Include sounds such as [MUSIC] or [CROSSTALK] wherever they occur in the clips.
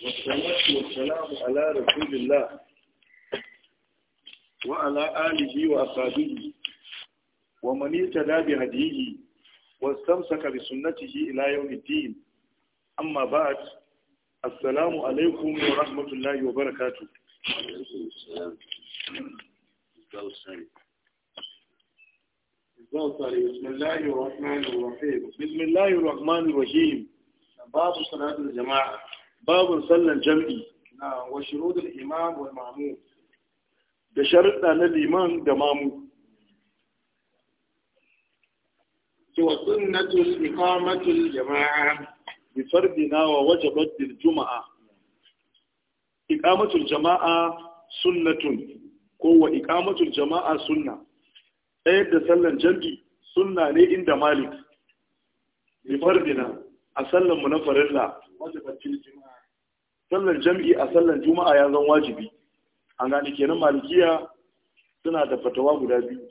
wasu salamu ala rasulillah wa ala alihi wa asabihi wa manita da hadihi wa samsaka bi sunnatihi ila yawmi din amma ba'd assalamu alaikum wa rahmatullahi wa barakatuh بسم الله الرحمن الرحيم بسم الله الرحمن الرحيم باب صلاة الجماعة Babin sallan jam'i na wa shurudul imam wa mamu da sharuɗa na liman da mamu wa sunnatul iqamatul jama'a bi fardina wa wajabat juma'a iqamatul jama'a sunnatun ko wa iqamatul jama'a sunna ɗaya da sallan jam'i sunna ne inda malik bi fardina a sallan mu na farilla wajen bil juma'a sallar jam'i a sallar juma'a ya zan wajibi an gani kenan malikiya suna da fatawa guda biyu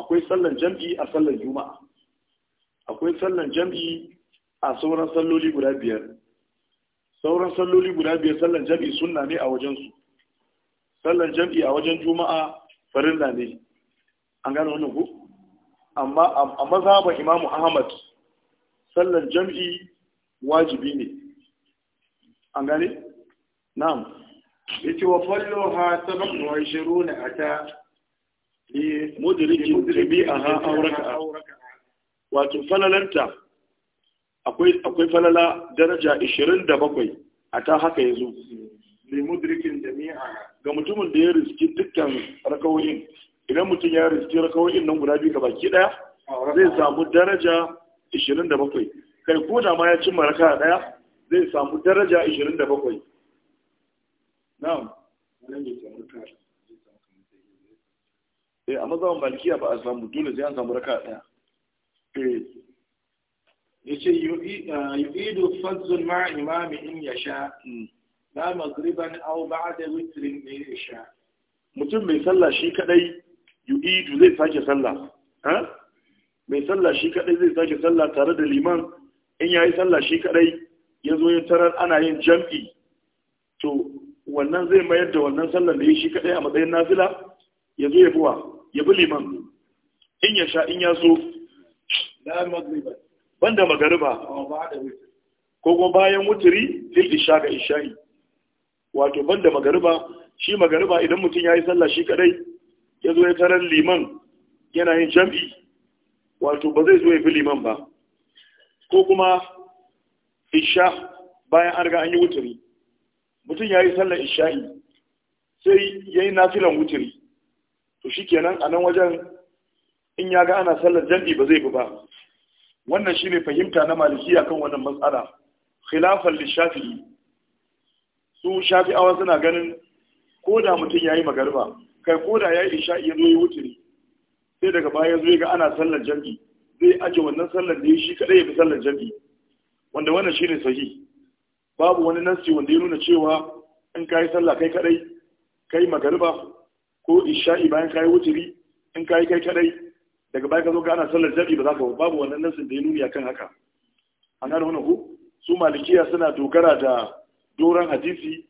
akwai sallar jam'i a sallar juma'a akwai sallar jam'i a sauran salloli guda biyar sauran salloli guda biyar sallar jam'i sunna ne a wajen su. sallar jam'i a wajen juma'a farilla ne an gane wannan ku amma a mazhaban imamu ahmad sallar jam'i wajibi ne an gane na'am yace wa fallo ha sabab wa shiruna ata li mudriki bi'aha aha raka'a wato falalanta akwai akwai falala daraja 27 ata haka yazo li mudrikin jami'a ga mutumin da ya riski dukkan rakawoyin idan mutum ya riski rakawoyin nan guda biyu ga baki daya zai samu daraja 27 kai ko da ma ya cimma raka'a daya zai samu daraja 27 Na wannan ya samu a mazaban malikiya ba a samu dole zai an samu raka daya eh. ce yi yu'idu fadzun ma'a imami in Na hmm. la maghriban aw da witrin ya sha. mutum mai sallah shi kadai yu'idu zai sake sallah ha mai sallah shi kadai zai sake sallah tare da liman in ya yi sallah shi kadai ya zo ya tarar ana yin jam'i to wannan zai mayar da wannan sallar da ya shi kaɗai a matsayin nafila ya zo ya buwa ya bi liman in ya sha in ya so banda magariba ko kuma bayan wuturi lil isha ga isha'i wato banda magariba shi magariba idan mutum ya yi sallah shi kadai ya zo ya tarar liman yana yin jam'i wato ba zai zo ya bi liman ba ko kuma isha bayan an riga an yi wuturi mutum ya yi sallar isha'i sai ya yi nafilan wuturi to shi kenan a nan wajen in ya ga ana sallar jam'i ba zai bi ba wannan shi ne fahimta na malikiya kan wannan matsala khilafan lishafi'i su shafi'awa suna ganin ko da mutum ya yi magariba kai ko da ya yi isha'i ya zo yi wuturi sai daga baya zo ya ga ana sallar jam'i zai aje wannan sallar da ya shi kaɗai ya fi sallar jam'i wanda wannan shi ne sahi babu wani nasi wanda ya nuna cewa in yi sallah kai kadai kai magariba ko isha'i bayan yi wuturi in kai kai kadai daga baya ka zo ka ana sallar jabi ba za ka babu wannan nasin da ya nuna kan haka A nan wannan ku su malikiya suna dogara da doran hadisi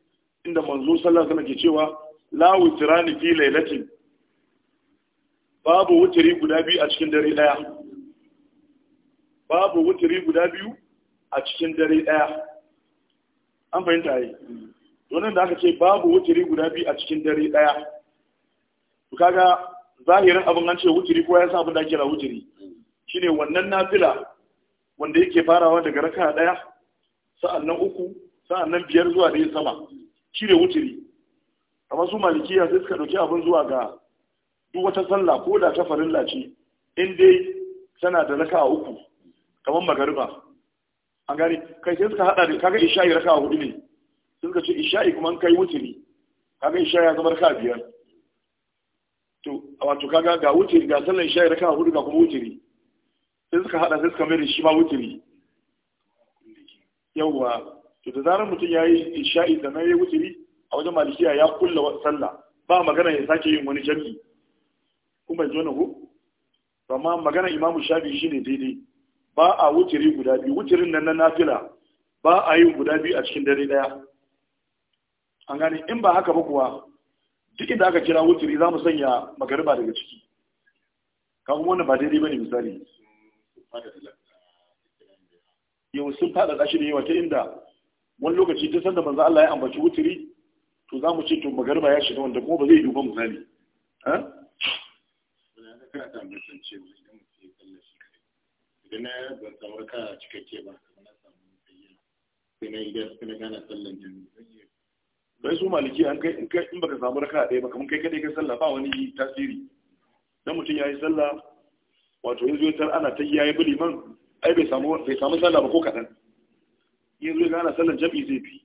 inda manzo sallah sama ke cewa la wutirani fi lailatin babu wuturi guda biyu a cikin dare daya babu wuturi guda biyu a cikin dare ɗaya an fahimta yi donin da aka ce babu wuturi guda biyu a cikin dare ɗaya to kaga zahirin abin an ce wuturi ko ya sa abin da ake da wuturi shine wannan nafila wanda yake farawa daga raka ɗaya nan uku nan biyar zuwa ɗaya sama shine wuturi amma su malikiya sai suka ɗauki abin zuwa ga duk wata sallah ko da ta farilla ce in dai tana da raka uku kamar magariba an gane kai sai suka hada da kaga isha'i raka hudu ne suka ce isha'i kuma an kai ne kaga isha'i ya zama raka biyar to wato kaga ga wuce ga sallan isha'i raka hudu ga kuma ne sai suka hada sai suka mai shi ma ne yawwa to da zarar mutum ya yi isha'i da nan ya ne a wajen malikiya ya kulla sallah ba magana ya sake yin wani jami'i kuma ya zo na ko amma magana imamu shafi shine daidai ba a wuciri guda biyu wucirin nan na nafila ba a yin guda biyu a cikin dare daya an gani in ba haka ba kuwa duk inda aka kira wuciri za mu sanya magariba daga ciki kaga wannan ba daidai ne misali yau sun fada dashi da yawa ta inda wani lokaci ta sanda manzo Allah ya ambaci wutiri to za mu ce to magariba ya shiga wanda kuma ba zai yi ba misali eh da na ban samu raka cikakke ba na samu sayyana sai na idan sai na gana sallan jami'i bai su maliki an kai in baka samu raka ɗaya ba kamar kai kadai kai sallah ba wani tasiri dan mutum yayi sallah wato yanzu ya ana ta yayi bi liman ai bai samu bai samu sallah ba ko kadan yanzu ga ana sallan jami'i zai fi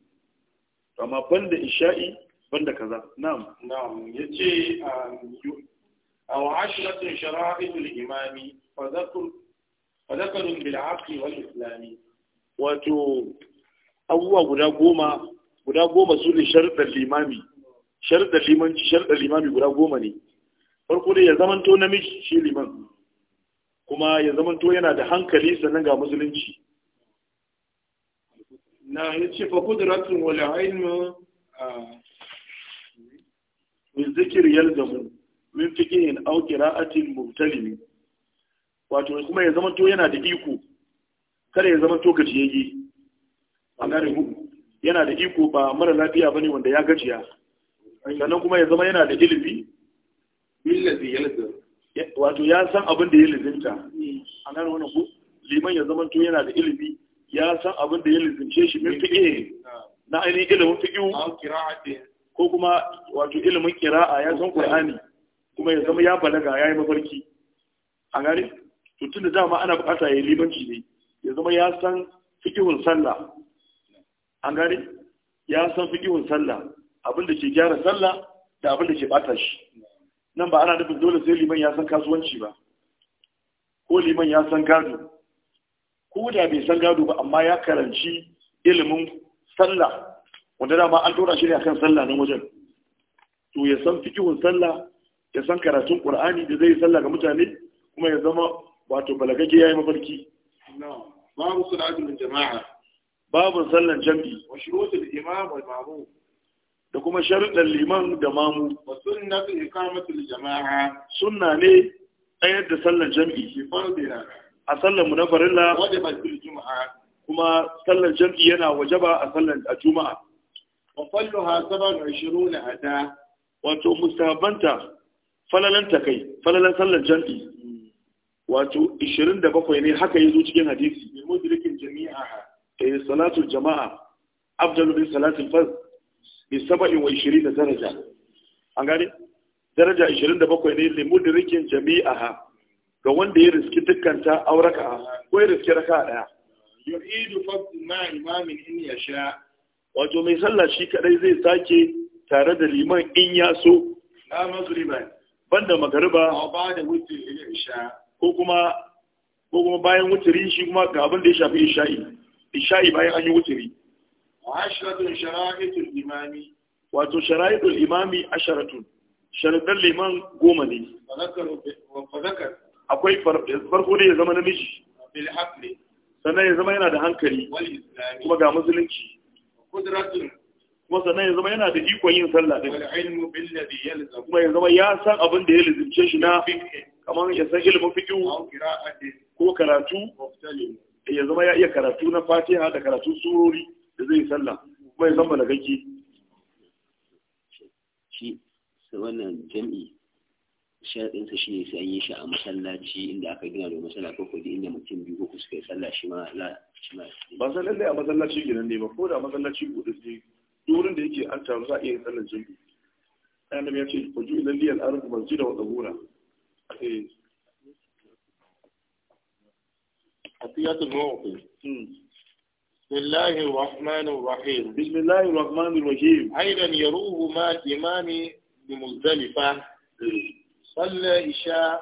amma banda isha'i banda kaza na'am na'am yace um, a wa ashratun shara'il imami fa zakur fadakarun bil'aqli wal islami wato abubuwa guda goma guda goma su ne sharuɗar limami sharuɗar limanci sharuɗar limami guda goma ne farko dai ya zamanto namiji shi liman kuma ya zamanto yana da hankali sannan ga musulunci na ya ce fa kudratun wala ainihin min zikir yalzamu min fikihin au qira'atin mubtalimi wato kuma ya zama to yana da iko kada ya zama to gajiyayye a gane ku yana da iko ba mara lafiya bane wanda ya gajiya sannan kuma ya zama yana da ilimi billazi yalzim wato ya san abin da ya lizinta a gane wannan ku liman ya zama to yana da ilimi ya san abin da ya lizince shi min fi'e na ainihin ilimin fi'u ko kuma wato ilimin kira'a ya san qur'ani kuma ya zama ya balaga ya yi mafarki a gari to da dama ana bukata ya yi limanci ne ya zama ya san fikihun sallah an gane ya san fikihun sallah abin da ke gyara sallah da abin da ke bata shi nan ba ana nufin dole sai liman ya san kasuwanci ba ko liman ya san gado ko da bai san gado ba amma ya karanci ilimin sallah wanda dama an tura shi ne akan sallah nan wajen to ya san fikihun sallah ya san karatun qur'ani da zai sallah ga mutane kuma ya zama wato balagage ya yi mafarki babu salatul jama'a babu sallan jami'i wa shurutul imam wal mamu. da kuma sharuɗan liman da mamu wa sunnatu iqamatul jama'a sunna ne tsayar da sallan jami'i a sallan mu na farilla wajibatul juma'a kuma sallan jami'i yana wajaba a sallan a juma'a wa falluha 27 ada wato mustabanta falalan takai falalan sallan jami'i wato 27 ne haka yazo cikin hadisi mai mudrikin jami'a eh salatu jama'a afdalu min salati fard bi 27 daraja an gane daraja 27 ne mai mudrikin jami'a ga wanda ya riski dukkanta auraka ko ya riski raka daya yuridu fadl ma imamin in ya sha. wato mai sallah shi kadai zai sake tare da liman in ya so la magriba banda magriba ba da wuce isha ko kuma ko kuma bayan wuturi shi kuma ga abin da ya shafi isha'i isha'i bayan an yi wuturi wa asharatun shara'itul imami wato shara'itul imami asharatun sharadan liman goma ne akwai farko ne ya zama namiji sannan ya zama yana da hankali kuma ga musulunci kuma sannan ya zama yana da ikon yin sallah kuma ya zama ya san abin da ya lizince shi na kamar ya san ilimin fikihu ko karatu eh, ya zama ya iya karatu na fatiha da karatu surori da zai sallah kuma ya san balagaggi shi wannan jami'i sharaɗinsa shi ne sai an yi shi a masallaci inda aka gina da masala ko kudi inda mutum biyu ko suka yi sallah shi ma la ba san lallai a masallaci gidan ne ba ko da masallaci buɗe ne wurin da yake an taru za a iya sallar jam'i annabi ya ce ku ji lalliyal ardu masjida wa tsagura أتيات المعطي بسم الله الرحمن الرحيم بسم الله الرحمن الرحيم أيضا يروه ما إمام بمزدلفة صلى الإشاء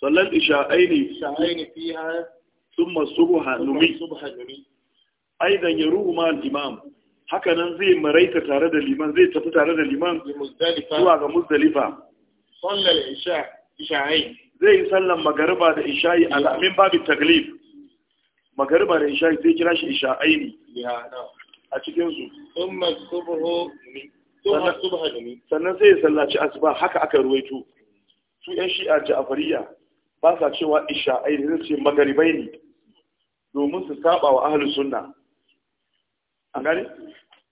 صلى أين إشاءين فيها ثم الصبح نمي الصبح نمي أيضا يروه ما الإمام haka nan zai maraita tare da liman zai tafi tare da liman zuwa ga muzdalifa sallar isha isha'i zai yi sallan magariba da isha'i alamin babu taglif magariba da isha'i zai kira shi isha'ai ne a cikinsu sannan zai sallaci asuba haka aka ruwaito su yan shi'a ja'afariya ba sa cewa isha'ai ne zai ce magaribai ne domin su saba wa ahalin sunna an gani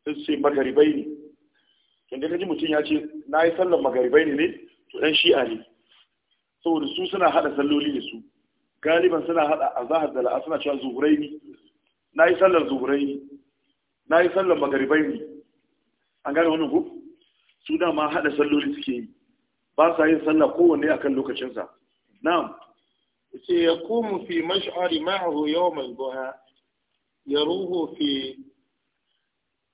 sun ce magaribai ne tun ka ji mutum ya ce na yi sallan magaribai ne ne to ɗan shi'a ne saboda su suna hada salloli da su galiban suna hada azahar da la'a suna cewa zuhurai ne na yi sallar zuhurai ne na yi sallar magaribai ne an gane wani ku su dama hada salloli suke yi ba sa yin sallah kowanne akan lokacinsa na'am sai ya komu fi mash'ari ma'ahu zuwa ya ruhu fi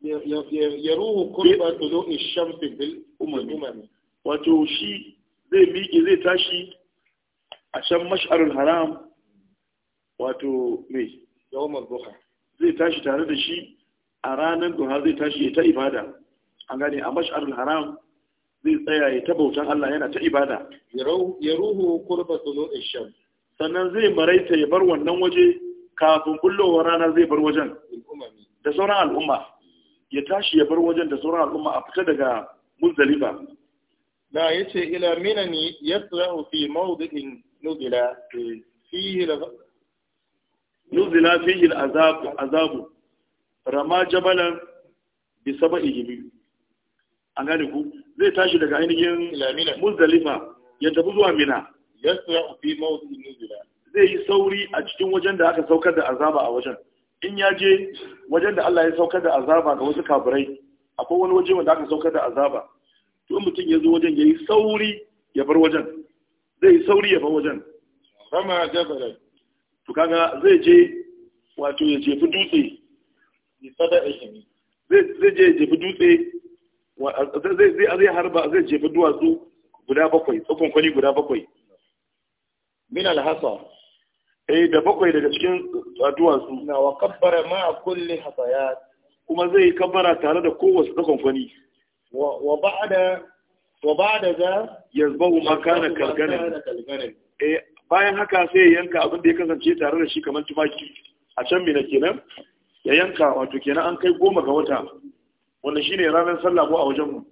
yaruhu qurba tulu'i ash-shams bil umam wato shi zai miƙe zai tashi a can mash'arul haram wato mai yawon duha zai tashi tare da shi a ranar duha zai tashi ya ta ibada an gani a mash'arul haram zai tsaya ya ta bautan Allah yana ta ibada ya ruhu kurba tsulo isham sannan zai maraita ya bar wannan waje kafin kullowar rana zai bar wajen da sauran al'umma ya tashi ya bar wajen da sauran al'umma a fita daga Na muzdalifa ce yace ne minan yasrahu fi mawdi'in نزل فيه nuzila fihi al'azabu azabu rama jabalan bi saba'i jibi an gane ku zai tashi daga ainihin muzdalifa ya tafi zuwa mina zai yi sauri a cikin wajen da aka saukar da azaba a wajen in ya je wajen da Allah ya saukar da azaba ga wasu kafirai akwai wani waje wanda aka saukar da azaba to mutum ya zo wajen ya yi sauri ya bar wajen zai sauri ya ba wajen rama jabala to kaga zai je wato ya jefi dutse ya sada'ihi zai je ya jefi dutse zai zai harba zai jefi duwatsu guda bakwai tsakon kwani guda bakwai min alhasa eh da bakwai daga cikin duwatsu na wa kabbara ma kulli hasayat kuma zai kabbara tare da kowace tsakon kwani wa ba'da wa ba da za yazbahu ma kana kalganan eh, bayan haka sai ya yanka abin da ya kasance tare da shi kamar tumaki a can mina kenan ya yanka wato kenan an kai goma ga wata wanda shine ranar sallah ko a wajen mu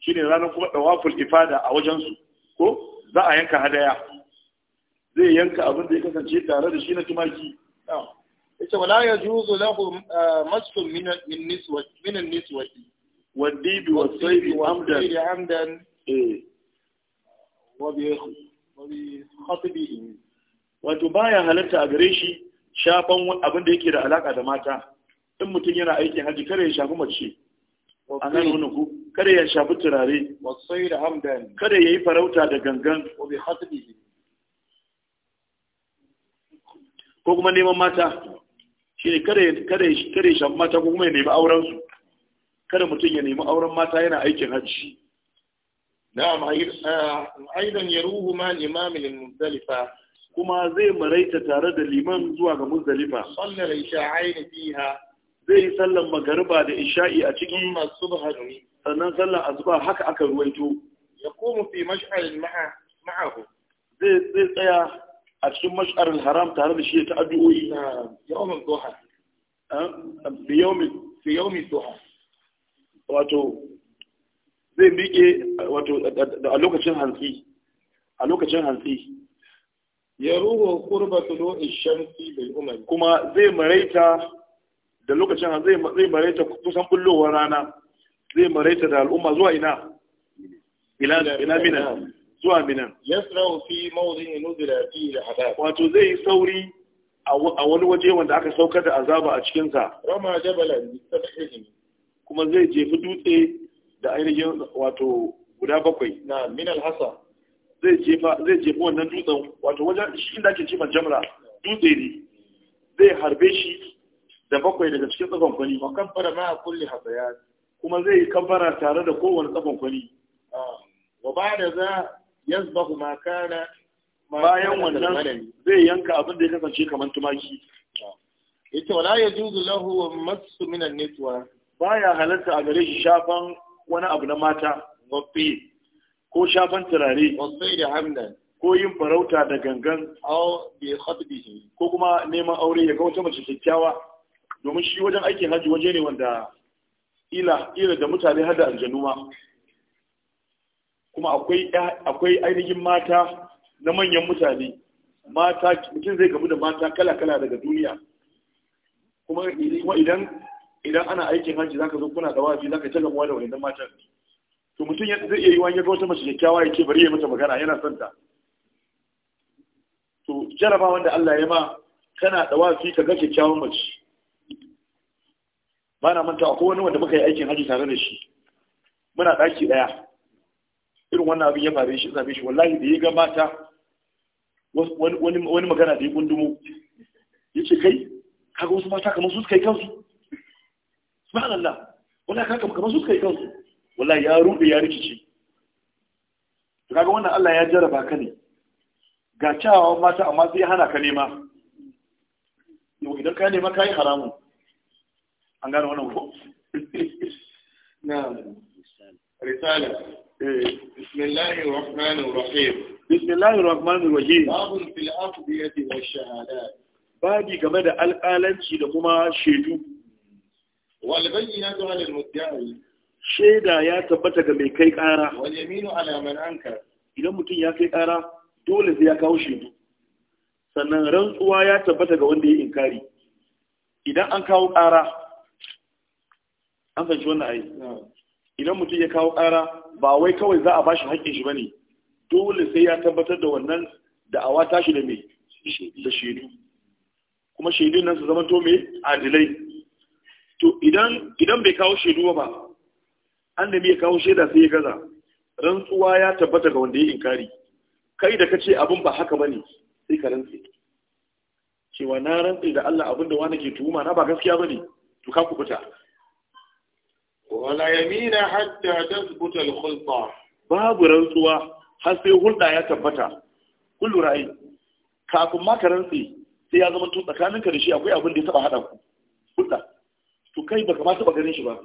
shine ranar kuma dawaful ifada a wajen su ko za a yanka hadaya zai yanka abin da ya kasance tare da shi na tumaki ita wala yajuzu lahu eh, masu min min niswati والديب والصيد عمدا عمدا وبخطبه wato baya halarta a gare shi shafan abin da yake da alaka da mata in mutum yana aikin haji kare ya shafi mace a nan wani ku kare ya shafi turare kare ya yi farauta da gangan ko kuma neman mata shi ne kare ya shafi mata ko kuma ya nemi aurensu kada mutum ya nemi auren mata yana aikin hajji na'am aidan yaruhu ma imam lil muzdalifa kuma zai maraita tare da liman zuwa ga muzdalifa sallar isha isha'aini fiha zai yi sallar magariba da isha'i a cikin masu sannan sallar azuba haka aka ruwaito ya komu fi mash'ar ma'ahu zai zai tsaya a cikin mash'ar haram tare da shi ta addu'o'i na yawmin duha fi yawmin duha wato zai miƙe wato a lokacin hantsi a lokacin hantsi ya ruwa kurba tulo ishamsi bil umar kuma zai maraita da lokacin hantsi zai maraita kusan bullowar rana zai maraita da al'umma zuwa ina ila ina mina zuwa mina yasra'u fi mawdin nuzila fi al wato zai sauri a wani waje wanda aka saukar da azaba a cikin sa rama jabalan bi kuma zai jefi dutse da ainihin wato guda bakwai na minal hasa zai jefa jefi wannan dutsen wato wajen shi da ake ci jamra dutse ne zai harbe shi da bakwai daga cikin tsakon kwani wa kafara ma kulle hasayat kuma zai kamfara tare da kowane tsakon kwani ah, wa da za yazbahu ma kana bayan wannan zai yanka abin da ya kasance kamar tumaki ita ah, wala juzu lahu masu minan niswa baya halarta a gare shi shafan wani abu na mata wafi ko shafan turare ko yin farauta da gangan ko kuma neman aure ya ga wata mace kyakkyawa domin shi wajen aikin haji waje ne wanda ila ila da mutane har da aljanu kuma akwai akwai ainihin mata na manyan mutane mata mutum zai gabu da mata kala-kala daga duniya kuma idan idan ana aikin hajji zaka zo kuna dawafi zaka ta gamuwa da wayannan matan to mutum ya zai iya yi wani ya ga wata mace kyakkyawa yake bari ya mata magana yana son ta to jaraba wanda Allah ya ma kana dawafi ka ga kyakkyawan mace ba na manta akwai wani wanda muka yi aikin hajji tare da shi muna daki daya irin wannan abin ya faru shi zabe shi wallahi da ya ga mata wani magana da ya gundumo yace kai kaga wasu mata kamar su yi kansu subhanallah wala ka kama kamar su yi kansu wala ya rube ya rikici to kaga wannan Allah ya jaraba ka ne ga cewa mata amma sai hana ka nema yau idan ka nema kai haramun an gane wannan ko [LAUGHS] na risala بسم الله الرحمن الرحيم بسم الله الرحمن الرحيم باب في الأقضية والشهادات babi game da alƙalanci da kuma shaidu wal bayyinatu lil mudda'i shaida ya tabbata ga mai kai kara wal yaminu ala man ankar idan mutum ya kai ƙara, dole sai ya kawo shaidu sannan rantsuwa ya tabbata ga wanda ya inkari idan an kawo ƙara, an fahimci wannan ai idan mutum ya kawo ƙara, ba wai kawai za a ba shi haƙƙin shi ba ne. dole sai ya tabbatar da wannan da'awa tashi da mai da shaidu kuma shaidun nan su zama to mai adilai to idan bai kawo shaiduwa ba annabi ya kawo shaida sai ya gaza rantsuwa ya tabbata ga wanda ya inkari kai da kace abin ba haka bane sai ka rantsi cewa na rantsi da Allah abin da wani ke tuhuma na ba gaskiya bane to ka ku fita wala yamina hatta tathbuta al-khulta babu rantsuwa har sai hulɗa ya tabbata kullu ra'ayi kafin ma ka rantsi sai ya zama to tsakaninka da shi akwai abin da ya taba hada ku hulda to kai ba ma taɓa ganin shi ba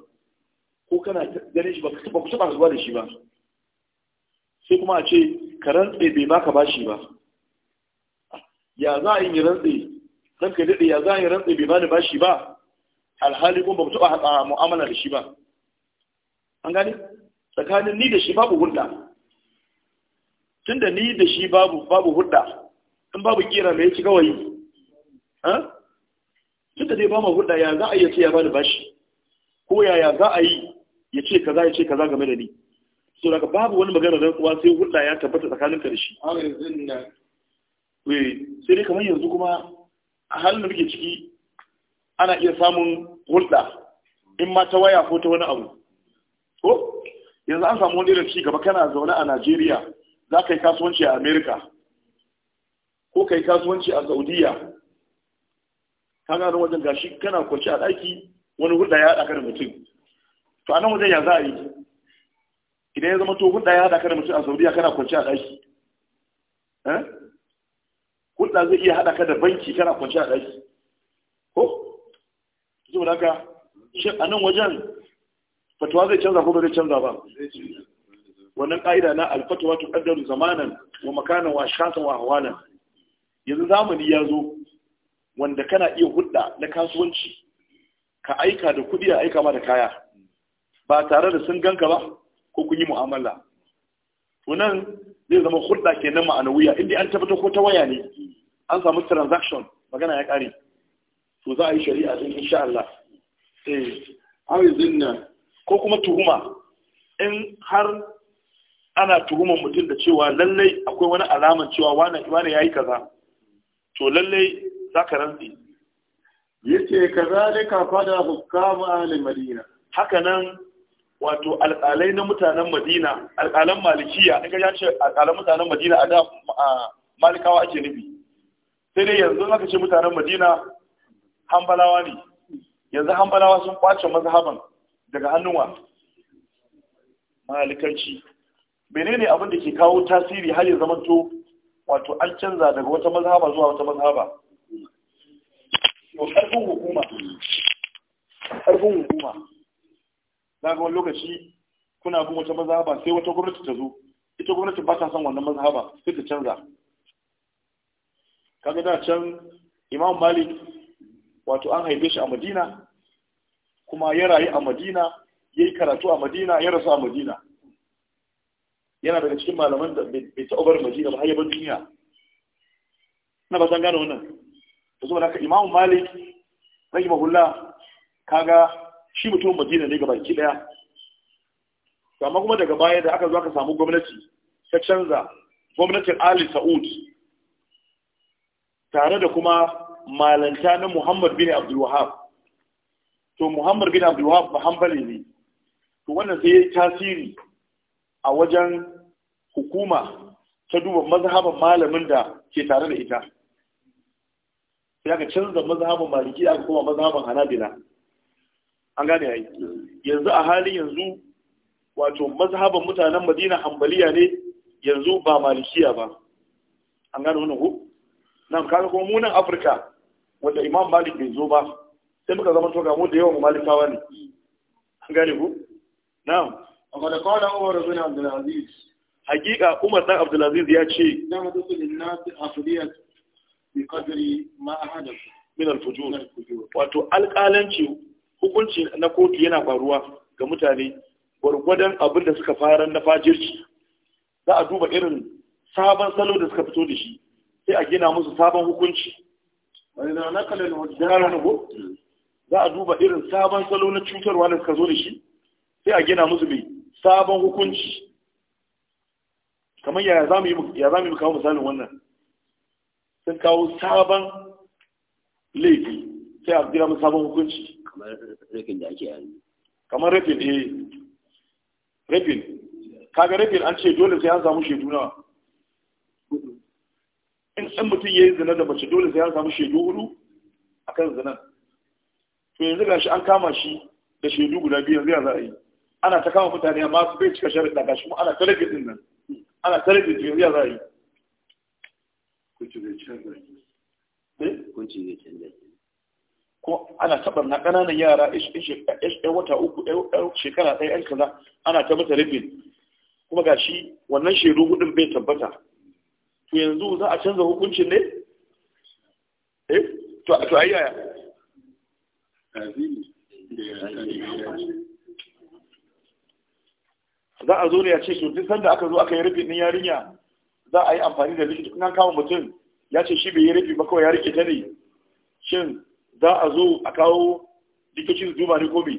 ko kana ganin shi ba ku taɓa zuwa da shi ba sai kuma a ce ka rantse bai baka bashi ba ya za a yi rantse dan ka daɗe ya za a yi rantse bai bani bashi ba alhali kuma ba ku taɓa haɗa mu'amala da shi ba an gane tsakanin ni da shi babu hulɗa tunda ni da shi babu babu hulɗa in babu kira me ci gawayi ha tunda dai ba mu hudda ya za a yi ce ya bani bashi ko yaya za a yi ya ce kaza ya ce kaza game da ni so daga babu wani magana da kuwa sai hudda ya tabbata tsakaninka da shi eh, sai dai kamar yanzu kuma a halin da muke ciki ana iya samun hulɗa in ma ta waya ko ta wani abu ko yanzu an samu wani irin ci gaba kana zaune a Najeriya za ka yi kasuwanci a Amerika ko ka yi kasuwanci a Saudiya kaga nan wajen gashi kana kwace a ɗaki wani hulɗa ya haɗa ka da mutum to a nan wajen ya za a yi idan ya zama to hulɗa ya haɗa ka da mutum a saudiya kana kwace a ɗaki eh? hulɗa zai iya haɗa ka da banki kana kwace a ɗaki ko zuwa da ka shi a nan wajen fatuwa zai canza ko ba zai canza ba wannan ƙa'ida na tun tuƙaddaru zamanan wa makanan wa shasan wa hawanan yanzu zamani ya zo wanda kana iya hudda na kasuwanci ka aika da kudi a aika ma da kaya ba tare da sun ganka ba ko kun yi mu'amala tunan zai zama hudda ke kenan wuya inda an tabbatar ko ta waya ne an samu transaction magana ya kare to za a yi shari'a din insha Allah eh awi zinna ko kuma tuhuma in har ana tuhumar mutum da cewa lallai akwai wani alaman cewa wani yayi kaza to lallai za ka rantsi yace kazalika fada hukamu ahli madina haka nan wato alƙalai na mutanen madina alƙalan malikiya in ya ce alƙalan mutanen madina a da malikawa ake nufi sai dai yanzu aka ce mutanen madina hambalawa ne yanzu hambalawa sun kwace mazhaban daga hannuwa malikanci menene abin da ke kawo tasiri har ya zamanto wato an canza daga wata mazhaba zuwa wata mazhaba to ƙarfin hukuma ƙarfin hukuma za ga wani lokaci kuna bin wata mazhaba sai wata gwamnati ta zo ita gwamnati ba ta son wannan mazhaba sai ta canza kaga da can imam malik wato an haife shi a madina kuma ya rayu a madina ya yi karatu a madina ya rasu a madina yana daga cikin malaman da bai taɓa bar madina ba har yaban duniya na ba san gane wannan da zuwa haka Imam Malik rahimahullah kaga shi mutum Madina ne baki daya amma kuma daga baya da aka zo aka samu gwamnati ta canza gwamnatin Ali Saud tare da kuma malanta na Muhammad bin Abdul Wahab to Muhammad bin Abdul Wahab ba ne to wannan sai ya tasiri a wajen hukuma ta duba mazhaban malamin da ke tare da ita sai aka canza mazhabin maliki aka kuma mazhabin hanabila an gane ai yanzu a halin yanzu wato mazhabin mutanen madina hambaliya ne yanzu ba malikiya ba an gane wannan ku nan kaga kuma mu nan afirka wanda imam malik bai zo ba sai muka zama to ga mu da yawan malikawa ne an gane ku na'am amma da kawai umar bin abdul aziz hakika umar dan abdul aziz ya ce na mutu lin afriyat bi qadri ma ahada min al-fujur wato alƙalanci hukunci na kotu yana faruwa ga mutane gwargwadon abin da suka fara na fajirci za a duba irin sabon salo da suka fito da shi sai a gina musu sabon hukunci hmm. za a duba irin sabon salo na cutarwa da suka zo da shi sai a gina musu mai sabon hukunci kamar ya za mu yi kawo misalin wannan sun kawo sabon laifi sai a gina sabon hukunci kamar rafin da ake yanzu kamar eh kaga rafin an ce dole sai an samu shaidu nawa in san mutum ya yi zina da mace dole sai an samu shaidu hudu a kan zinan to yanzu ga shi an kama shi da shaidu guda biyu yanzu ya za a yi ana ta kama mutane amma su bai cika sharaɗa ga shi kuma ana talabijin nan ana talabijin yanzu ya za a yi hukunci eh? ko ana taɓar na ƙananan yara yan wata uku shekara ɗaya yan kaza ana ta mata rufin kuma ga shi wannan shaidu hudun bai tabbata to yanzu za a canza hukuncin ne eh to a ayi yaya za a zo ne ya ce to duk sanda aka zo aka yi rufin ɗin yarinya za a yi amfani da likita in an kama mutum ya ce shi bai yi rabi ba kawai ya rike ta ne shin za a zo a kawo likitoci su duba ne ko bai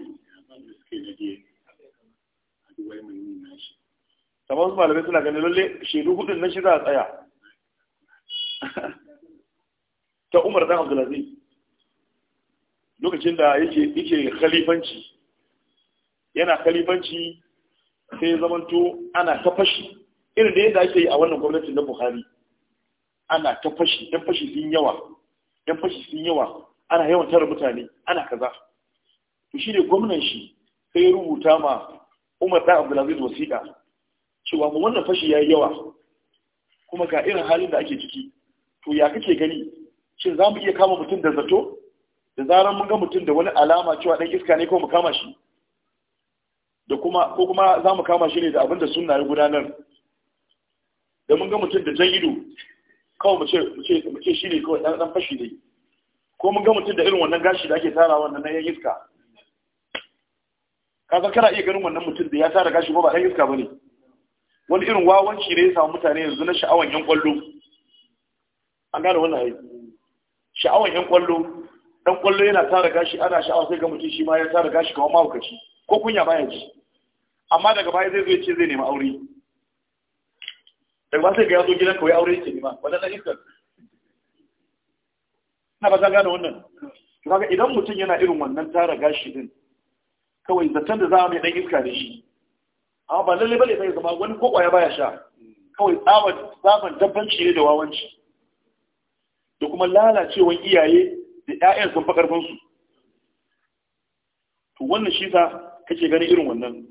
kamar wasu malamai suna ganin lalle shaidu hudun na shi za a tsaya ta umar dan abdulaziz lokacin da yake yake khalifanci yana khalifanci sai zamanto ana ta fashi irin da yadda ake yi a wannan gwamnatin na buhari ana ta fashi ɗan fashi sun yawa ɗan fashi sun yawa ana yawan tara mutane ana kaza to shi ne gwamnan shi sai ya rubuta ma umar da abdulaziz wasiƙa cewa mu wannan fashi ya yi yawa kuma ga irin halin da ake ciki to ya kake gani shin za mu iya kama mutum da zato da zarar mun ga mutum da wani alama cewa ɗan iska ne ko mu kama shi da kuma ko kuma za mu kama shi ne da abin da sunna gudanar da mun ga mutum da jan ido kawai mu ce mu shine kawai dan dan fashi dai ko mun ga mutum da irin wannan gashi da ake tara wannan nan yan iska ga kana iya ganin wannan mutum da ya tara gashi ko ba dan iska bane wani irin wawanci ne ya samu mutane yanzu na sha'awan yan kwallo an gane wannan ai sha'awan yan kwallo dan kwallo yana tara gashi ana sha'awa sai ga mutum shi ma ya tara gashi kamar mahaukaci ko kunya baya ji amma daga baya zai zo ya ce zai nemi aure daga ba ga yazo zo gidan kawai aure yake ma. wannan dan iskar ina ba zan gane wannan to kaga idan mutum yana irin wannan tara gashi din kawai zaton da za a mai dan iska da shi amma ba lalle bane sai zama wani ko kwaya baya sha kawai tsaban tsaban dabbanci ne da wawanci da kuma lalacewan iyaye da ƴaƴan sun fa karfin su to wannan shi sa kake ganin irin wannan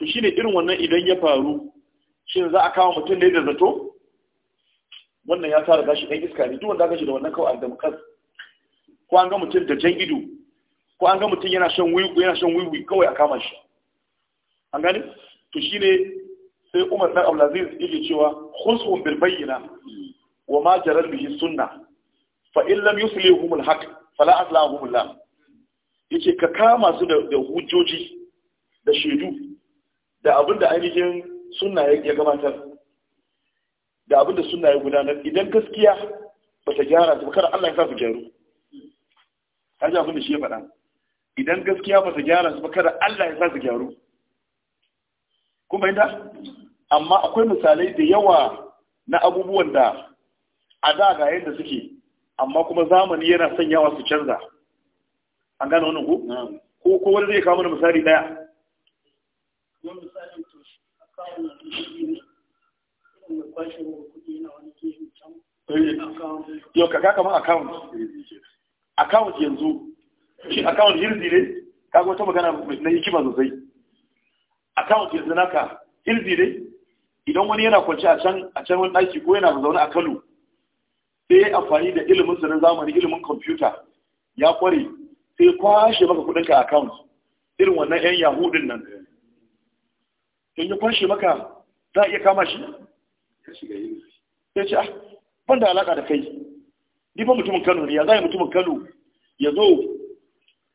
to shine irin wannan idan ya faru shin za a kawo mutum ne da zato wannan ya tara gashi ɗan iska ne duk wanda gashi da wannan kawai da mukas ko an ga mutum da jan ido ko an ga mutum yana shan wiwi yana shan wiwi kawai a kama shi an gani to ne sai Umar dan Abdulaziz yake cewa husun bil bayyana wa ma jarar bihi sunna fa in lam yuslihum al haqq fala aslahum la yace ka kama su da hujjoji da shaidu da abin da ainihin sunna ya gabatar da abin da sunna ya gudanar idan gaskiya ba ta gyara ta kada Allah ya sa su gyaru haji abin da shi ya faɗa idan gaskiya ba ta gyara su kada Allah ya sa su gyaru kuma inda amma akwai misalai da yawa na abubuwan da a da ga yadda suke amma kuma zamani yana sanyawa su canza an gane wannan ko ko wani zai kawo mana misali daya Eh, yau ka kama account account yanzu shi account hirzi ne ka ga magana na hikima sosai account yanzu naka hirzi ne idan wani yana kwanci a can a can wani ɗaki ko yana zaune a Kano sai ya amfani da ilimin sa na zamani ilimin kwamfuta ya kware sai kwashe maka kuɗinka account irin wannan yan yahudin nan in yi kwashe maka za a iya kama shi ya ce ah ban da alaka da kai ni ba mutumin kano ne ya zai mutumin kano ya zo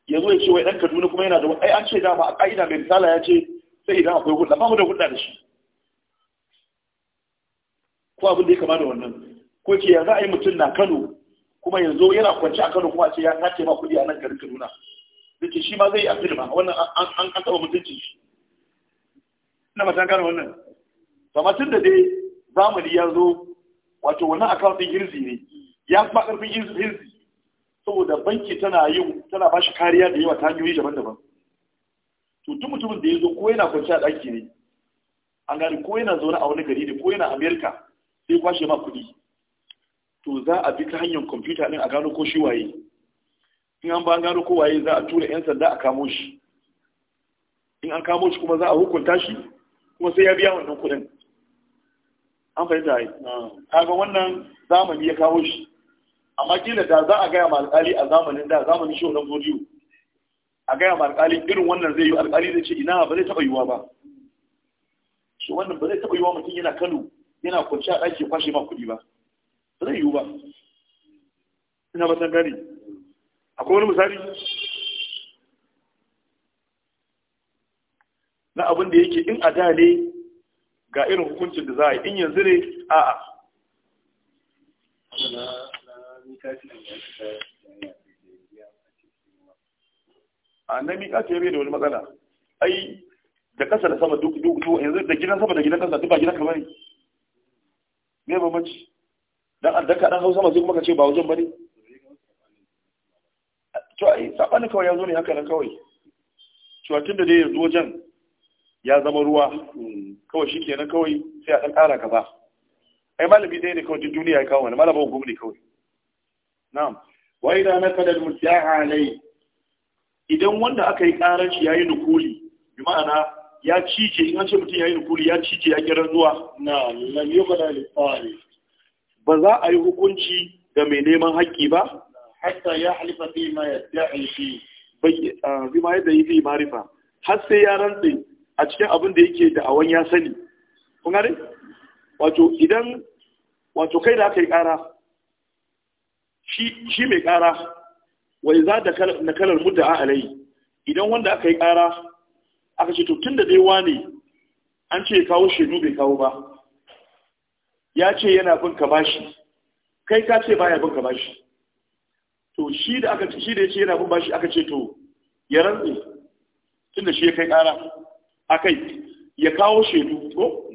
ya zo ya ce wai dan kaduna kuma yana da ai an ce dama a ka'ida mai misala ya ce sai idan akwai hulɗa ba mu da hulɗa da shi ko abin da ya kama da wannan ko ce ya za a yi mutum na kano kuma ya zo yana kwanci a kano kuma a ce ya kace ma kuɗi a nan garin kaduna da shi ma zai yi a firma wannan an taɓa mutuncin shi na matan gane wannan amma da dai zamani ya zo wato wani account din hirzi ne ya kuma karfin hirzi saboda banki tana yin tana ba shi kariya da yawa ta hanyoyi daban-daban to tun mutumin da ya zo ko yana kwanciya ɗaki ne an gani ko yana zaune a wani gari ne ko yana amerika sai kwashe ma kuɗi to za a bi ta hanyar kwamfuta ɗin a gano ko shi waye in an ba gano ko waye za a tura 'yan sanda a kamo shi in an kamo shi kuma za a hukunta shi kuma sai ya biya wannan kuɗin an fahimta ai kaga wannan zamani ya kawo shi amma kila da za a gaya ma alƙali a zamanin da zamanin shi wannan godiyo a gaya ma alƙali irin wannan zai yi alƙali zai ce ina ba zai taɓa yiwuwa ba shi wannan ba zai taɓa yiwuwa mutum yana kano yana kwanci a ɗaki kwashe ma kuɗi ba ba zai yiwu ba ina ba san gani akwai wani misali na abin da yake in a da ne ga irin hukuncin da za a yi in yanzu ne a a a na miƙa ce bai da wani matsala ai da ƙasa da sama duk duk duk yanzu da gidan sama da gidan kasa duk ba gidan kamar ne mace dan an daka dan hausa masu kuma ka ce ba wajen bane to ai sabani kawai ya zo ne haka nan kawai cewa tun da dai yanzu wajen ya zama ruwa mm, kawai shi kenan kawai sai a ɗan ƙara ba. ai malami ɗaya ne kawai duniya ya kawo wani malamin gumi ne kawai na'am wa idan na kadar mutiya alai idan wanda aka yi ƙarar shi yayi nukuli bi ma'ana ya cije in an ce mutum yayi nukuli ya cije ya kira zuwa na'am lam yuqda da tsari ba za a yi hukunci ga mai neman haƙƙi ba hatta ya halifa fi ma ya fi ah, bi ma yi fi marifa har sai ya rantsi a cikin abin da yake awon ya sani kun gane wato idan wato kai da aka yi ƙara shi mai ƙara wai za da kalar mudda'a alai idan wanda aka yi ƙara aka ce to tun da dai wane an ce kawo shaidu bai kawo ba ya ce yana bin ka bashi kai ka ce baya bin ka bashi to shi da aka shi da ya ce yana bin bashi aka ce to ya rantse tun da shi ya kai ƙara a kai ya kawo shaidu ko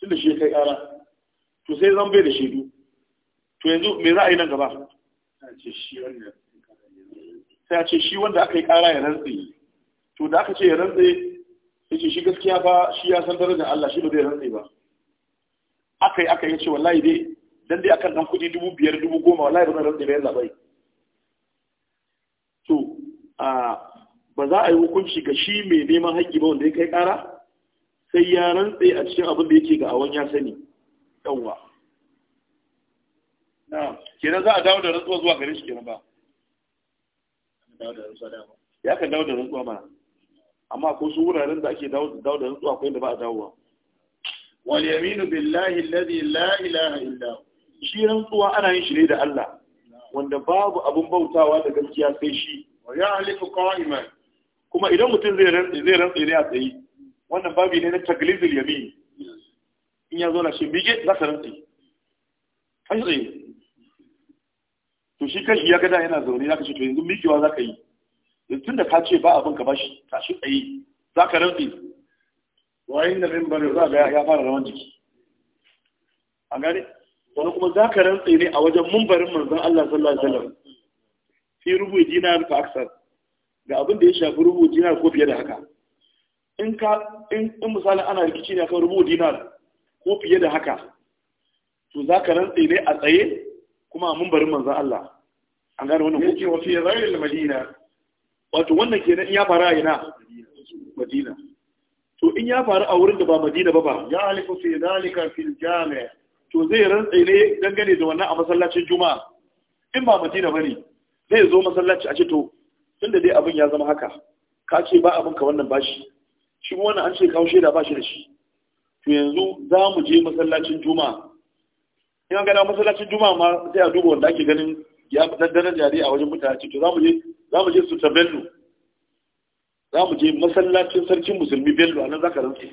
tunda shi ya kai ƙara to sai zan bai da shaidu to yanzu me za a yi nan gaba sai a ce shi wanda aka yi ƙara ya rantse to da aka ce ya rantse ya ce shi gaskiya ba shi ya san darajar Allah shi ba zai rantse ba aka yi aka yi ce wallahi dai dan dai akan dan kudi dubu biyar dubu goma wallahi ba zan rantse ba yanzu bai? to a ba za a yi hukunci ga shi mai neman haƙƙi ba wanda ya kai ƙara sai ya rantse a cikin abin da yake ga awon ya sani yawwa na kenan za a dawo da rantsuwa zuwa gare shi kenan ba ya kan dawo da rantsuwa ba. amma ko su wuraren da ake dawo da rantsuwa akwai da ba a ba wal yaminu billahi alladhi la ilaha illa shi rantsuwa ana yin shi ne da Allah wanda babu abun bautawa da gaskiya sai shi wa qa'iman kuma idan mutum zai rantsi zai rantsi ne a tsaye, wannan babi ne na taglizil yami in ya zo na shi mike za ka rantsi kai tsaye to shi kan iya gada yana zaune za ka ce to yanzu mikewa za ka yi tun da ka ce ba abin ka bashi ka shi tsaye za ka rantsi wayin da min bari za ya fara rawan jiki a gane wani kuma za ka rantsi ne a wajen mumbarin manzon Allah sallallahu alaihi wasallam fi rubu dinar fa aksar ga abin da ya shafi rubu dinar ko fiye da haka in ka in misalin ana rikici ne akan rubu dinar ko fiye da haka to za ka rantse ne a tsaye kuma a mumbarin manzo Allah an gane wannan kuke wa fiye rayuwar madina wato wannan kenan in ya faru a ina madina to in ya faru a wurin da ba madina ba ba ya alifu fi zalika fil jami to zai rantse ne dangane da wannan a masallacin juma'a in ba madina bane zai zo masallaci a ce to tunda dai abin ya zama haka ka ce ba abin ka wannan bashi shi wannan an ce kawo shaida bashi da shi to yanzu za mu je masallacin juma'a in an gana masallacin juma'a ma sai a duba wanda ake ganin ya da daraja dai a wajen mutane ce to za mu je za mu je su ta bello za mu je masallacin sarkin musulmi bello a nan za ka rantse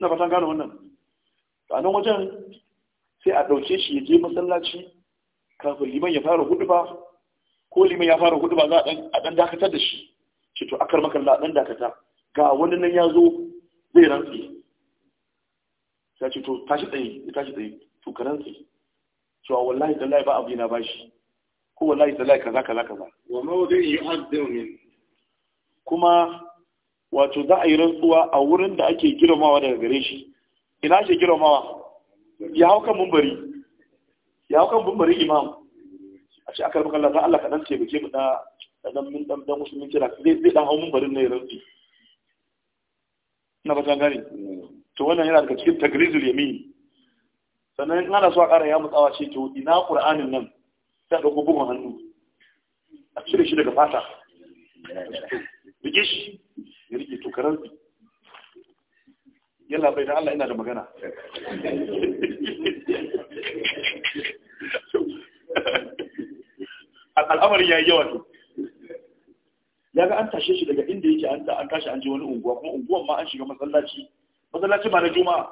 ina fatan gano wannan a nan wajen sai a ɗauke shi ya je masallaci kafin liman ya fara hudu ba ko limin ya fara hudu ba za a dan dakatar da shi ce to akar makalla dan dakata ga wani nan ya zo zai rantsi sai ce to tashi tsaye ya tashi tsaye to ka rantsi cewa wallahi tallahi ba abu yana bashi ko wallahi tallahi kaza kaza kaza wa mawdi yu'addu min kuma wato za a yi rantsuwa a wurin da ake girmamawa daga gare shi ina ake girmamawa ya hau kan mumbari ya hau mumbari imam a ce aka rubuta Allah Allah ka ce buke mu da dan mun dan dan musulmin kira zai zai dan hau mun barin ne rantsi na ba ta gani to wannan yana daga cikin tagrizul yamin sannan in ana so a ƙara ya mutsawa ce to ina qur'anin nan ta dauko bugun hannu a cire shi daga fata rike shi to karanti yalla bai da Allah ina da magana [LAUGHS] al'amarin ya yi yawa to ya ga an tashe shi daga inda yake an tashi an je wani unguwa kuma unguwan ma an shiga masallaci masallaci ba na juma'a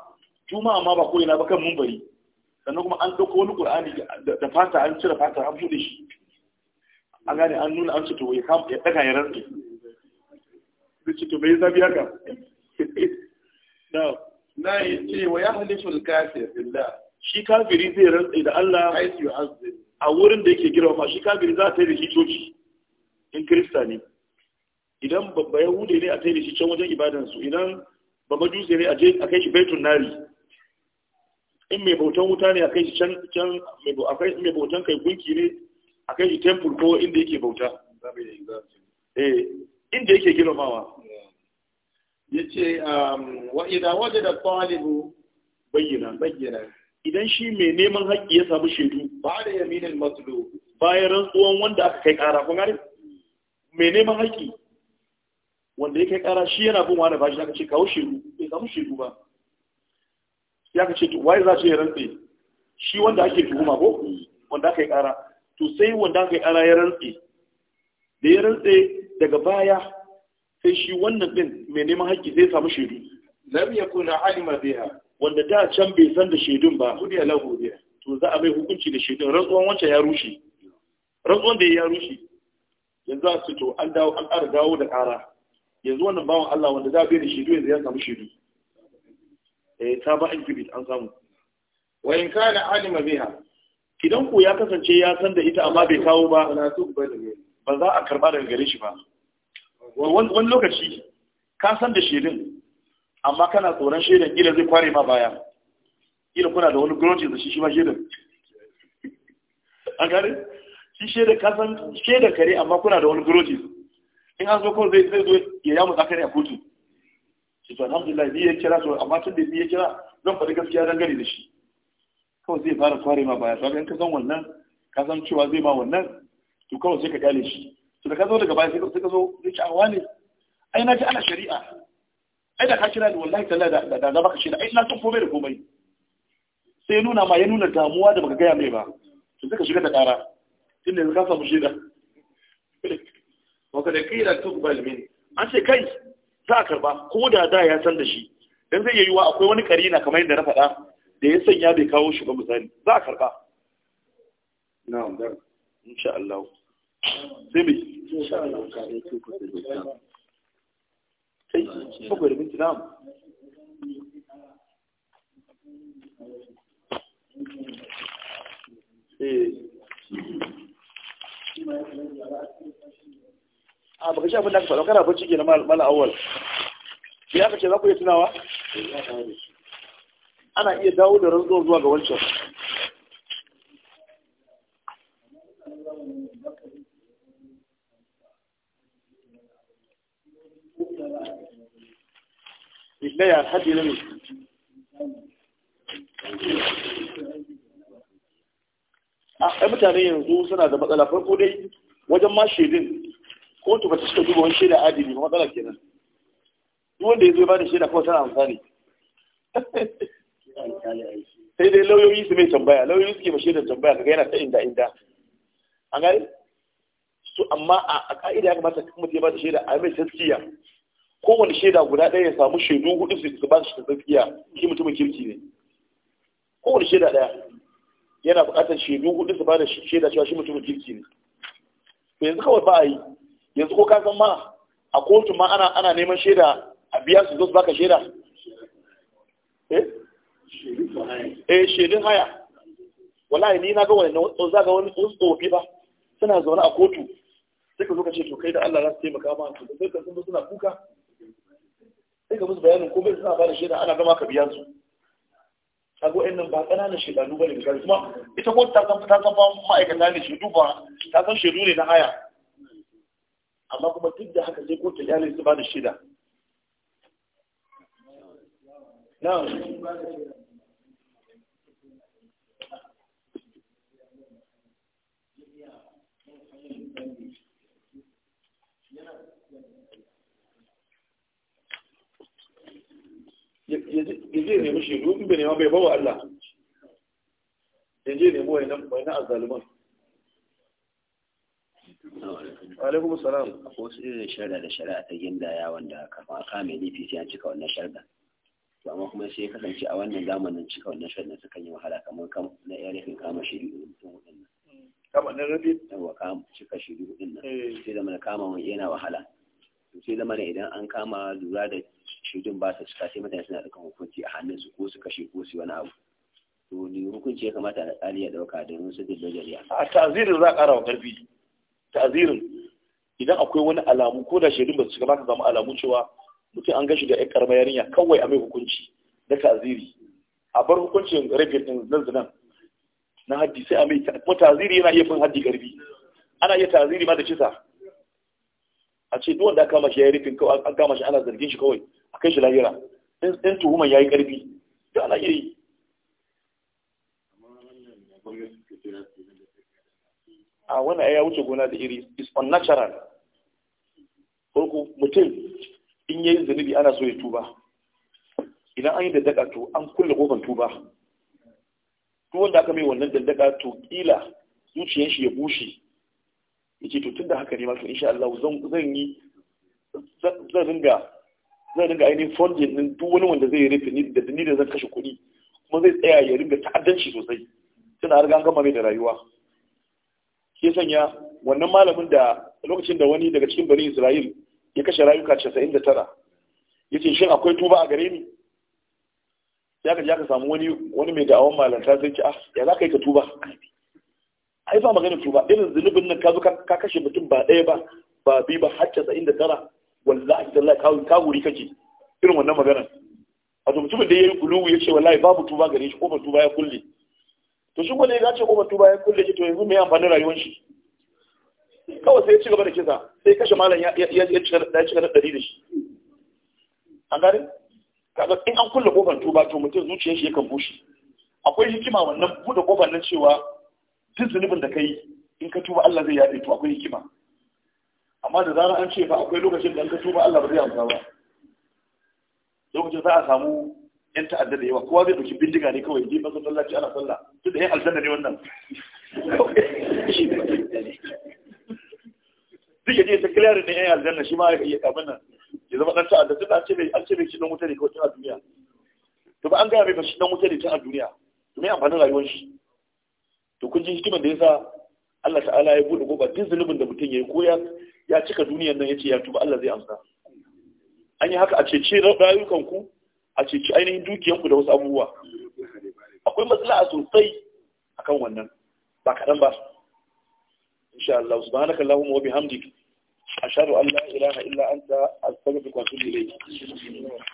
juma'a ma ba ko ina ba kan mumbari sannan kuma an dauko wani qur'ani da fata an cire fata an bude shi an gane an nuna an ce to ya ɗaga ya daga ya rantsu da ci to bai zabi haka [LAUGHS] na na yi ce wa ya halifu kafir billah shi kafiri zai rantsa da Allah aisu yu'azzim a wurin da yake girma shi kafiri za a tai da shi coci in kirista ne idan babba yahude ne a tai da shi can wajen ibadansu idan babba majuse ne a kai shi baitun nari in mai bautan wuta ne a kai shi can can mai bautan kai gunki ne a kai shi temple ko inda yake bauta eh inda yake girmamawa yace um, wa idan wajada talibu bayyana bayyana idan shi mai neman haƙƙi ya samu shaidu ba da yaminin maslu bayan rantsuwan wanda aka kai ƙara kun gane mai neman haƙƙi wanda ya kai ƙara shi yana bin wani bashi aka ce kawo shaidu bai samu shaidu ba Ya ka ce to waye za ce ya rantse shi wanda ake tuhuma ko wanda aka yi ƙara to sai wanda aka yi ƙara ya rantse da ya rantse daga baya sai shi wannan din mai neman haƙƙi zai samu shaidu lam yakuna alima biha wanda da can bai san da shaidun ba hudiya la hudiya to za a mai hukunci da shaidun rantsuwan wancan ya rushe rantsuwan da ya rushe yanzu a to an dawo an ƙara dawo da ƙara yanzu wannan bawan Allah wanda za a bai da shaidu yanzu ya samu shaidu eh ta ba an kibit an samu wa in kana alima biha idan ko ya kasance ya san da ita amma bai kawo ba ba za a karba daga gare shi ba wani lokaci ka san da shaidun amma kana tsoron shaidan gida zai kware ma baya kila kuna da wani gurojin da shi shi ma shaidan an gari shi shaidan kasan shaidan kare amma kuna da wani gurojin in an zo kawai zai zai zo ya yamu tsakani a kotu shi to alhamdulillah biye kira to amma tun da biye kira zan faɗi gaskiya gani da shi kawai zai fara kware ma baya to in ka san wannan ka san cewa zai ma wannan to kawai sai ka gane shi to da ka zo daga baya sai ka zo zai ci awa ne ai na ji ana shari'a ai da ka kira ni wallahi talla da da da baka da ai na san komai da komai sai nuna ma ya nuna damuwa da baka gaya mai ba to sai ka shiga da ƙara tunda ka samu da wa kada kila tuqbal min an ce kai za a karba ko da da ya san da shi dan zai yi akwai wani karina kamar yadda na faɗa da ya sanya bai kawo shi ba misali za a karba na'am dan insha Allah sai mai insha Allah ka yi tuku da sai bakwai da minti na'am eh. a ah, baka shi abin da aka faɗa kana bacci ke na mala awal sai aka ce za ku yi tunawa ana iya dawo da ranzuwa zuwa ga wancan haddi ne a mutane yanzu suna da matsala farko dai wajen ma shaidin kotu ba ta cika duba wani shaida adili ba matsala kenan duk wanda ya zo ba da shaida kawai tana amfani [LAUGHS] sai dai lauyoyi su mai tambaya lauyoyi suke ba shaidar tambaya kaga yana ta inda inda an gani su amma a ka'ida ya kamata kuma ya ba da shaida a mai taskiya kowane shaida guda ɗaya ya samu shaidu hudu su ba su tafiya shi mutumin kirki ne kowane shaida ɗaya yana buƙatar shaidu hudu su ba da shaida cewa shi mutumin kirki ne to yanzu kawai ba a yi yanzu ko ka san ma a kotu ma ana ana neman shaida a biya su zo su baka shaida eh eh shaidun haya wallahi ni na ga wani za ga wani tsofi ba suna zaune a kotu suka zo ka ce to kai da Allah za su taimaka ma su da sai ka suna kuka sai ka musu bayanin ko bai suna ba da shaida ana gama ka biya su kago ɗin nan ba ƙananan shekaru ba ne misali kuma ita ko ta san ta san ba ma'aikata ne shaidu ba ta san shaidu ne na haya amma kuma duk da haka sai ko ta iyalin su ba da shaida na'am ya je nemi shaidu in bai nema bai bawa Allah ya je nemi wai na azzaluman alaikum salam akwai wasu irin sharda da shari'a ta gindaya wanda kama kame laifi sai an cika wannan sharda to amma kuma sai ya kasance a wannan zamanin cika wannan sharda sukan yi wahala kamar kam na iya rufin kama shiri da mutum hudun nan kama na rufi yawa kama cika shiri hudun nan eh. sai zama na kama mun yana wahala sai da zama idan an kama lura da shaidun ba su cika sai mutane suna ɗaukan hukunci a hannunsu ko su kashe ko su wani abu to ni hukunci ya kamata da tsari ya ɗauka domin su da jariya a ta'azirin za a ƙara wa ƙarfi ta'azirin idan akwai wani alamu ko da shaidun ba su cika ba ka zama alamu cewa mutum an gashi da ƴan ƙarama yarinya kawai a mai hukunci na ta'aziri a bar hukuncin rabin din nan nan na haddi sai a mai ko ta'aziri yana iya fin haddi ƙarfi ana iya ta'aziri ma da kisa a ce duwanda aka kama shi ya yi rufin kawai an kama shi ana zargin shi kawai a kai shi lahira in tuhuma ya yi ƙarfi da ana yi. a wani ya wuce gona da iri is unnatural ko mutum in yayin zunubi ana so ya tuba idan an yi daddaka to an kulle kofar tuba to wanda aka mai wannan daddaka to kila zuciyar shi ya bushe ya ce to tun da haka ne masu insha Allah zan yi zan ringa zai dinga ainihin funding din duk wani wanda zai yi ni da ni da zan kashe kuɗi kuma zai tsaya ya ringa ta'addanci sosai tana riga an gama mai da rayuwa shi sanya wannan malamin da lokacin da wani daga cikin bani isra'il ya kashe rayuka casa'in da tara ya ce shin akwai tuba a gare ni ya ka ya ka samu wani wani mai da'awan malanta sai ki ah ya za ka yi ka tuba ai ba maganin tuba irin zinubin nan ka zo ka kashe mutum ba ɗaya ba ba bi ba har casa'in da tara wallahi tallahi ka ka guri kake irin wannan magana a to mutumin da yayi guluwu yace wallahi babu tuba gare shi kofar tuba ya kulle to shi gwada ya ce kofar tuba ya kulle shi to yanzu me amfanin rayuwar shi kawai sai ya ci gaba da kisa sai kashe malam ya ya ci gaba da ci gaba da dari da shi an gane kaga in an kulle kofar tuba to mutum zuciyar shi yakan bushe akwai hikima wannan bude kofar nan cewa duk zunubin da kai in ka tuba Allah zai yaɗe to akwai hikima amma da zara an ce ba akwai lokacin da an ka tuba Allah ba zai amsa ba lokacin za a samu yan ta'adda da yawa kowa zai ɗauki bindiga ne kawai je masallaci ana sallah duk da yan aljanna ne wannan duk yaje ta clear ne yan aljanna shi ma ya kamar nan ya zama dan ta'adda tun an ce mai an ce mai shi dan wuta ne kawai tun a duniya to ba an gaya mai ba shi dan wuta ne tun a duniya to mai amfanin rayuwar shi to kun ji hikimar da yasa Allah ta'ala ya buɗe gobar duk zulubin da mutum ya yi ko ya ya cika duniyar nan ya ce ya tuba Allah zai amsa an yi haka a cece rayukanku a cece ainihin dukiyanku da wasu abubuwa akwai matsala sosai akan wannan ba kaɗan ba insha Allah subhanaka Allahumma wa bihamdik ashhadu an la ilaha illa anta astaghfiruka wa atubu ilayk